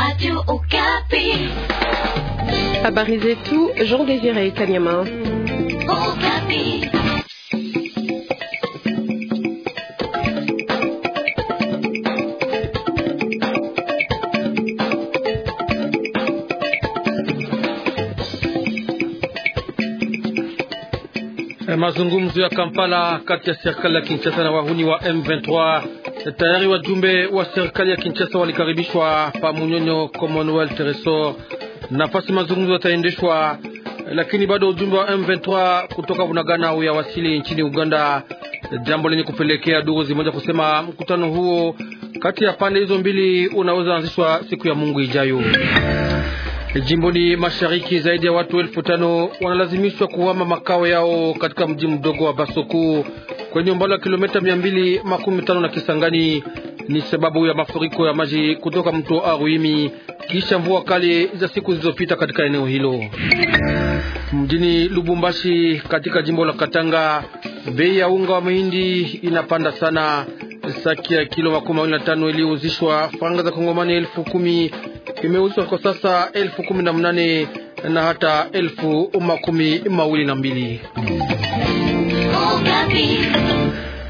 Radio Okapi. Habari zetu Jean Désiré Kanyama. Okapi. Eh, mazungumzo ya Kampala kati ya serikali ya Kinshasa na wahuni wa M23 Tayari wajumbe wa serikali ya Kinshasa walikaribishwa pa Munyonyo Commonwealth Resort. Nafasi mazungumzo yataendeshwa, lakini bado ujumbe wa M23 kutoka Bunagana wasili nchini Uganda, jambo lenye kupelekea duru zimoja kusema mkutano huo kati ya pande hizo mbili unaweza anzishwa siku ya Mungu ijayo. Jimboni mashariki zaidi ya watu elfu tano wanalazimishwa kuhama makao yao katika mji mdogo wa Basoku kwenye umbali wa kilomita mia mbili makumi tano na Kisangani. Ni sababu ya mafuriko ya maji kutoka mto Aruimi kisha mvua kali za siku zilizopita katika eneo hilo. Mjini Lubumbashi katika jimbo la Katanga, bei ya unga wa mahindi inapanda sana. Saki ya kilo makumi mawili na tano iliyouzishwa faranga za Kongomani elfu kumi kimeuzwa kwa sasa elfu kumi na mnane na hata elfu makumi mawili na mbili.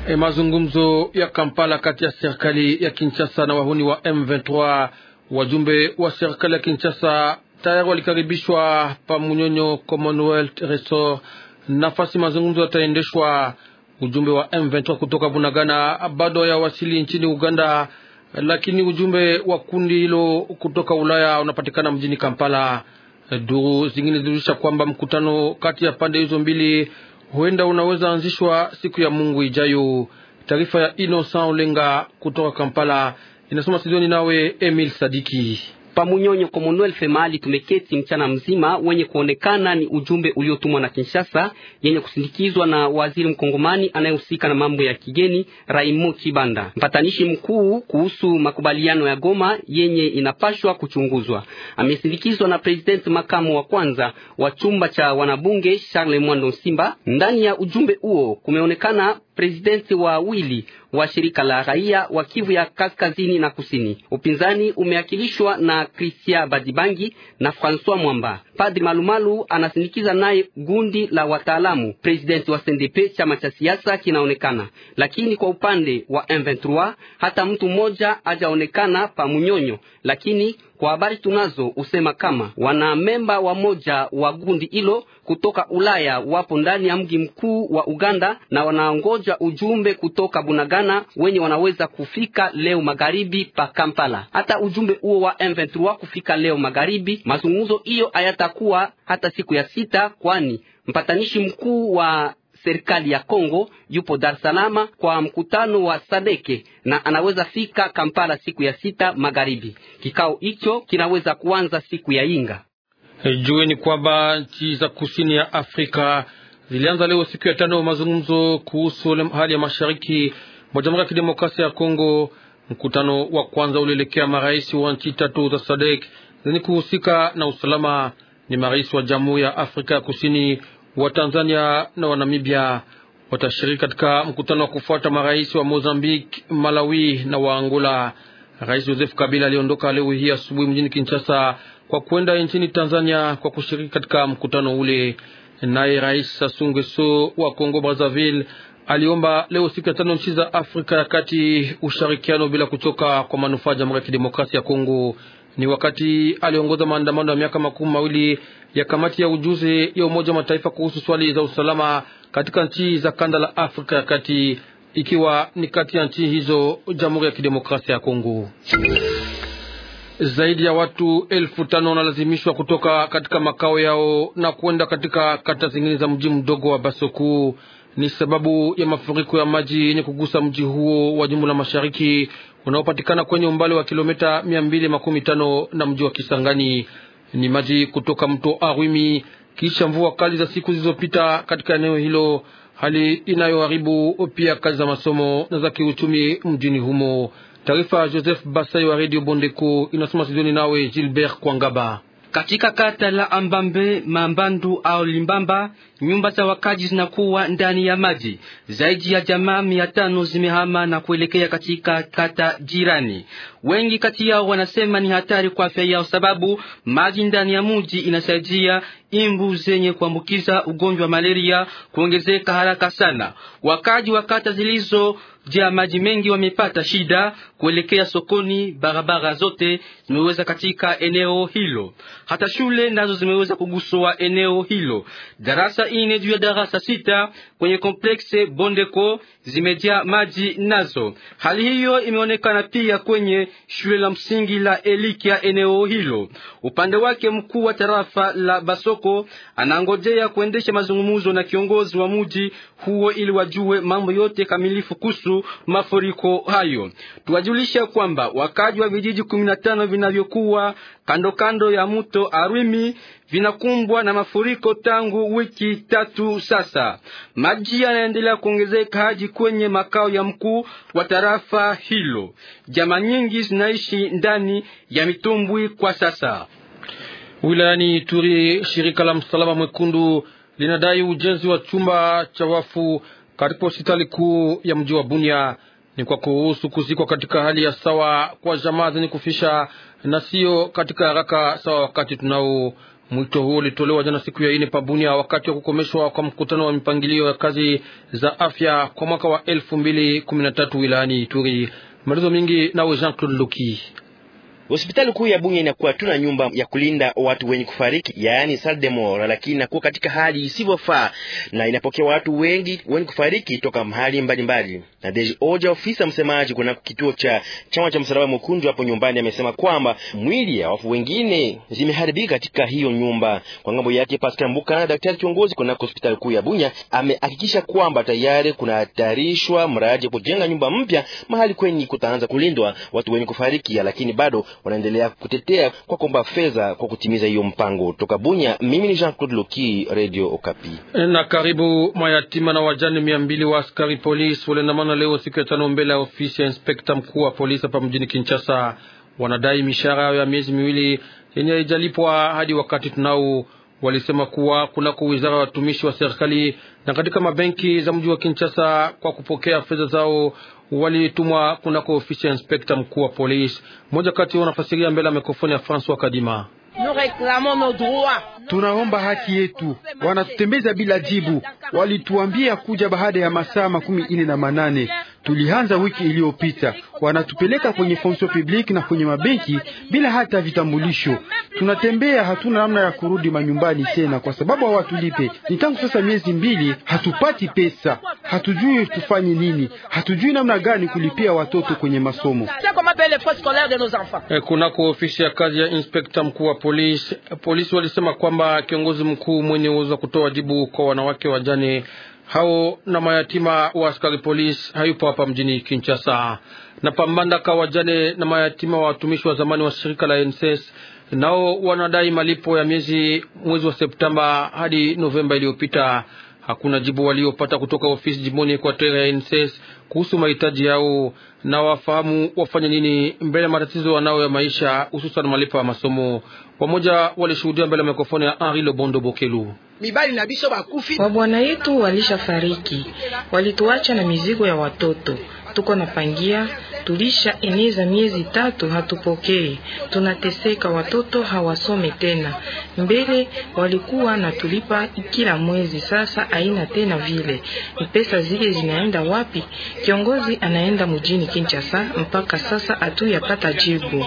E, mazungumzo ya Kampala kati ya serikali ya Kinshasa na wahuni wa M23. Wajumbe wa serikali ya Kinshasa tayari walikaribishwa pa Munyonyo Commonwealth Resort. Nafasi mazungumzo yataendeshwa. Ujumbe wa M23 kutoka Bunagana bado ya wasili nchini Uganda lakini ujumbe wa kundi hilo kutoka Ulaya unapatikana mjini Kampala. Duru zingine zilijulisha kwamba mkutano kati ya pande hizo mbili huenda unaweza anzishwa siku ya Mungu ijayo. Taarifa ya Innocent Olenga kutoka Kampala inasoma studioni nawe Emil Sadiki. Pamunyonyo Commonwealth mahali tumeketi mchana mzima, wenye kuonekana ni ujumbe uliotumwa na Kinshasa yenye kusindikizwa na waziri mkongomani anayehusika na mambo ya kigeni Raimo kibanda mpatanishi mkuu kuhusu makubaliano ya Goma yenye inapashwa kuchunguzwa. Amesindikizwa na president makamu wa kwanza wa chumba cha wanabunge Charles Mwando Simba. Ndani ya ujumbe huo kumeonekana presidenti wawili wa shirika la raia wa Kivu ya kaskazini na kusini. Upinzani umeakilishwa na Christian Badibangi na Francois Mwamba. Padri Malumalu anasindikiza naye gundi la wataalamu. Presidenti wa CNDP chama cha siasa kinaonekana, lakini kwa upande wa M23 hata mtu mmoja hajaonekana pa Munyonyo, lakini kwa habari tunazo usema kama wanamemba moja wa gundi hilo kutoka Ulaya wapo ndani ya mji mkuu wa Uganda na wanaongoja ujumbe kutoka Bunagana wenye wanaweza kufika leo magharibi pa Kampala. Hata ujumbe huo wa M23 kufika leo magharibi, mazungumzo hiyo hayatakuwa hata siku ya sita, kwani mpatanishi mkuu wa serikali ya Kongo yupo Dar es Salaam kwa mkutano wa Sadeke na anaweza fika Kampala siku ya sita magharibi. Kikao hicho kinaweza kuanza siku ya Inga. Eh, ni kwamba nchi za kusini ya Afrika zilianza leo siku ya tano mazungumzo kuhusu hali ya mashariki mwa Jamhuri ya Kidemokrasia ya Kongo. Mkutano wa kwanza ulielekea marais wa nchi tatu za SADC zenye kuhusika na usalama. Ni marais wa Jamhuri ya Afrika ya Kusini, Watanzania na wa namibia watashiriki katika mkutano wa kufuata marais wa Mozambique, Malawi na wa Angola. Rais Joseph Kabila aliondoka leo hii asubuhi mjini Kinshasa kwa kwenda nchini Tanzania kwa kushiriki katika mkutano ule. Naye Rais Sassou Nguesso wa Kongo Brazzaville aliomba leo siku ya tano nchi za Afrika ya Kati ushirikiano bila kuchoka kwa manufaa ya Jamhuri ya Kidemokrasia ya Kongo ni wakati aliongoza maandamano ya miaka makumi mawili ya kamati ya ujuzi ya Umoja wa Mataifa kuhusu swali za usalama katika nchi za kanda la Afrika ya Kati, ikiwa ni kati ya nchi hizo Jamhuri ya Kidemokrasia ya Kongo. Zaidi ya watu elfu tano wanalazimishwa kutoka katika makao yao na kuenda katika kata zingine za mji mdogo wa Basoku. Ni sababu ya mafuriko ya maji yenye kugusa mji huo wa jimbo la mashariki unaopatikana kwenye umbali wa kilomita mia mbili makumi tano na mji wa Kisangani. Ni maji kutoka mto Arwimi kisha mvua kali za siku zilizopita katika eneo hilo, hali inayoharibu pia kazi za masomo na za kiuchumi mjini humo. Taarifa Joseph Basai wa Radio Bondeko inasoma studioni, nawe Gilbert Kwangaba. Katika kata la Ambambe, Mambandu au Limbamba, nyumba za wakaji zinakuwa ndani ya maji. Zaidi ya jamaa mia tano zimehama na kuelekea katika kata jirani. Wengi kati yao wanasema ni hatari kwa afya yao, sababu maji ndani ya muji inasaidia imbu zenye kuambukiza ugonjwa wa malaria kuongezeka haraka sana. Wakaji wa kata zilizo zilizojaa maji mengi wamepata shida kuelekea sokoni, barabara zote zimeweza katika eneo hilo, hata shule nazo zimeweza kuguswa eneo hilo. Darasa ine juu ya darasa sita kwenye komplekse Bondeko zimejaa maji nazo. Hali hiyo imeonekana pia kwenye shule la msingi la Elikia eneo hilo. Upande wake mkuu wa tarafa la Basoko Kiboko anangojea kuendesha mazungumzo na kiongozi wa muji huo ili wajue mambo yote kamilifu kuhusu mafuriko hayo. Tuwajulisha kwamba wakaji wa vijiji 15 vinavyokuwa kando kando ya mto Arwimi vinakumbwa na mafuriko tangu wiki tatu sasa. Maji yanaendelea kuongezeka hadi kwenye makao ya mkuu wa tarafa hilo. Jamaa nyingi zinaishi ndani ya mitumbwi kwa sasa. Wilayani Ituri, shirika la Msalaba Mwekundu linadai ujenzi wa chumba cha wafu katika hospitali kuu ya mji wa Bunia ni kwa kuhusu kuzikwa katika hali ya sawa kwa jamaa zenye kufisha na sio katika haraka sawa wakati tunao. Mwito huo ulitolewa jana siku ya ine Bunia wakati wa kukomeshwa kwa mkutano wa mipangilio ya kazi za afya kwa mwaka wa elfu mbili kumi na tatu wilayani Ituri. Maelezo mingi nawe Jean Claude Luki. Hospitali kuu ya Bunia inakuwa tu na nyumba ya kulinda watu wenye kufariki, yaani Saldemora, lakini inakuwa katika hali isivyofaa na inapokea watu wengi wenye kufariki toka mahali mbalimbali. Na Deji Oja, ofisa msemaji kuna kituo cha chama cha msalaba mwekundu hapo nyumbani, amesema kwamba mwili ya wafu wengine zimeharibika katika hiyo nyumba. Kwa ngambo yake, Pascal Mbuka na daktari kiongozi kuna hospitali kuu ya Bunya, amehakikisha kwamba tayari kuna kunahatarishwa mradi kujenga nyumba mpya mahali kwenye kutaanza kulindwa watu wenye kufariki, lakini bado wanaendelea kutetea kwa kuomba fedha kwa kutimiza hiyo mpango. Toka Bunya, mimi ni Jean Claude Loki, Radio Okapi. Na karibu mayatima na wajane mia mbili wa askari polisi waliandamana leo siku ya tano mbele ya ofisi ya inspekta mkuu wa polisi hapa mjini Kinshasa. Wanadai mishahara yao ya miezi miwili yenye haijalipwa hadi wakati tunao walisema kuwa kunako wizara ya watumishi wa serikali na katika mabenki za mji wa Kinshasa kwa kupokea fedha zao walitumwa kunako ofisi ya inspekta mkuu wa polisi. Mmoja kati yao anafasiria mbele ya mikrofoni ya Francois Kadima. Tunaomba haki yetu, wanatutembeza bila jibu. Walituambia kuja baada ya masaa makumi ine na manane tulianza wiki iliyopita. Wanatupeleka kwenye fonction publique na kwenye mabenki bila hata vitambulisho. Tunatembea, hatuna namna ya kurudi manyumbani tena kwa sababu hawatulipe. Ni tangu sasa miezi mbili hatupati pesa, hatujui tufanye nini, hatujui namna gani kulipia watoto kwenye masomo. Eh, kunako ofisi ya kazi ya inspekta mkuu wa polisi, polisi walisema kwamba kiongozi mkuu mwenye uwezo wa kutoa jibu kwa wanawake wajane hao na mayatima wa askari polisi hayupo hapa mjini Kinshasa. Na pambandaka wajane na mayatima wa watumishi wa zamani wa shirika la NSS nao wanadai malipo ya miezi mwezi wa Septemba hadi Novemba iliyopita hakuna jibu waliopata kutoka ofisi jimboni Equateur ya NSS kuhusu mahitaji yao na wafahamu wafanye nini mbele ya matatizo wanao ya maisha, hususan malipo ya masomo. Pamoja walishuhudia mbele ya mikrofoni ya Henri Lobondo Bokelu. Wabwana yetu walishafariki, walituacha na mizigo ya watoto tuko napangia tulisha eneza miezi tatu hatupokei, tunateseka, watoto hawasome tena. Mbele walikuwa na tulipa kila mwezi, sasa aina tena vile. Pesa zile zinaenda wapi? Kiongozi anaenda mjini Kinshasa, mpaka sasa hatuyapata jibu.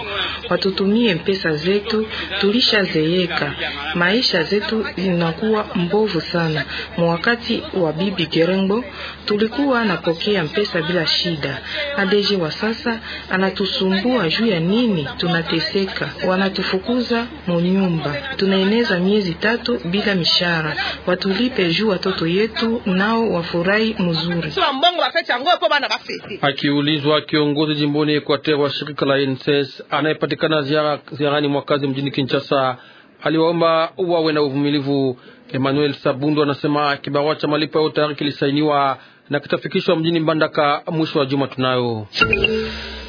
Watutumie pesa zetu, tulisha zeeka, maisha zetu zinakuwa mbovu sana. Mwakati wa bibi Gerengo tulikuwa napokea pesa bila shida shida. Adeje wa sasa anatusumbua juu ya nini? Tunateseka, wanatufukuza munyumba, tunaeneza miezi tatu bila mishara Watulipe juu watoto yetu nao wafurahi mzuri. Akiulizwa kiongozi jimboni Equateur wa shirika la INSS anayepatikana ziarani mwakazi mjini Kinshasa aliwaomba wawe na uvumilivu Emmanuel Sabundu anasema kibarua cha malipo yao tayari kilisainiwa na kitafikishwa mjini Mbandaka mwisho wa juma tunayo.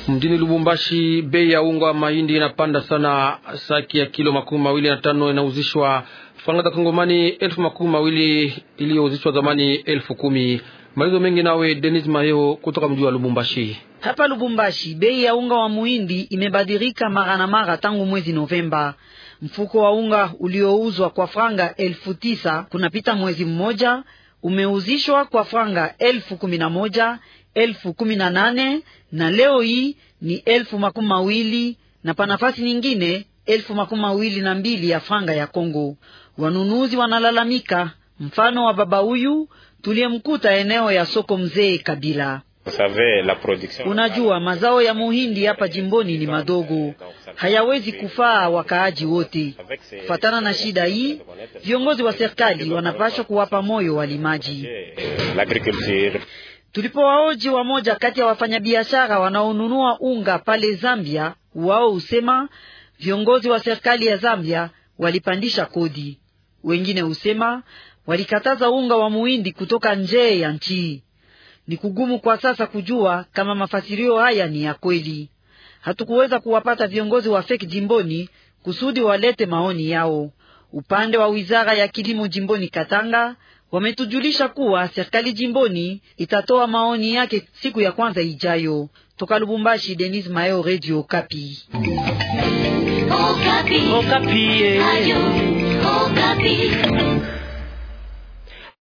Mjini Lubumbashi, bei ya unga wa mahindi inapanda sana. Saki ya kilo makumi mawili na tano inauzishwa faranga za Kongomani elfu makumi mawili iliyouzishwa zamani elfu kumi. Maelezo mengi nawe Denis Mayo kutoka mji wa Lubumbashi. Hapa Lubumbashi, bei ya unga wa muhindi imebadilika mara na mara tangu mwezi Novemba. Mfuko wa unga uliouzwa kwa franga elfu tisa kunapita mwezi mmoja umeuzishwa kwa franga elfu kumi na moja elfu kumi na nane na leo hii ni elfu makumi mawili na panafasi nyingine elfu makumi mawili na mbili ya franga ya Kongo. Wanunuzi wanalalamika mfano wa baba huyu tuliyemkuta eneo ya soko mzee Kabila. Unajua, mazao ya muhindi hapa jimboni ni madogo, hayawezi kufaa wakaaji wote. Kufatana na shida hii, viongozi wa serikali wanapaswa kuwapa moyo walimaji. Tulipowaoji wamoja kati ya wafanyabiashara wanaonunua unga pale Zambia, wao husema viongozi wa serikali ya Zambia walipandisha kodi. Wengine husema walikataza unga wa muhindi kutoka nje ya nchi. Ni kugumu kwa sasa kujua kama mafasirio haya ni ya kweli. Hatukuweza kuwapata viongozi wa feki jimboni kusudi walete maoni yao. Upande wa wizara ya kilimo jimboni Katanga wametujulisha kuwa serikali jimboni itatoa maoni yake siku ya kwanza ijayo. Toka Lubumbashi, Denis Mayo, Radio Kapi. Okapi. Okapi. Okapi. Eh.